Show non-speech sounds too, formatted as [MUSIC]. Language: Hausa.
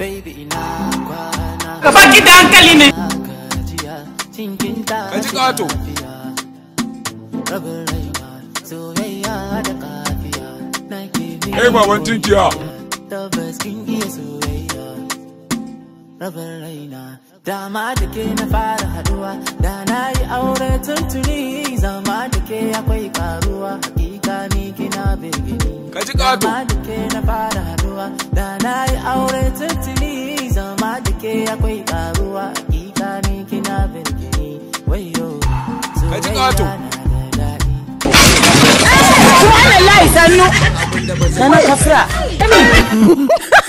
Ka baki da hankali ne. Ka ji ƙato. Kai baban tinkiya. iya soyayya. Rabin raina. Dama da ke na fara haduwa, da na yi aure tuntuni zama da ke akwai karuwa, hakika ni kina birgini. Ka ji Dama da ke na fara haduwa, da na karuwa kika ni kina birgini wayo ka ji kato eh, subhanallahi sannu sannu [LAUGHS]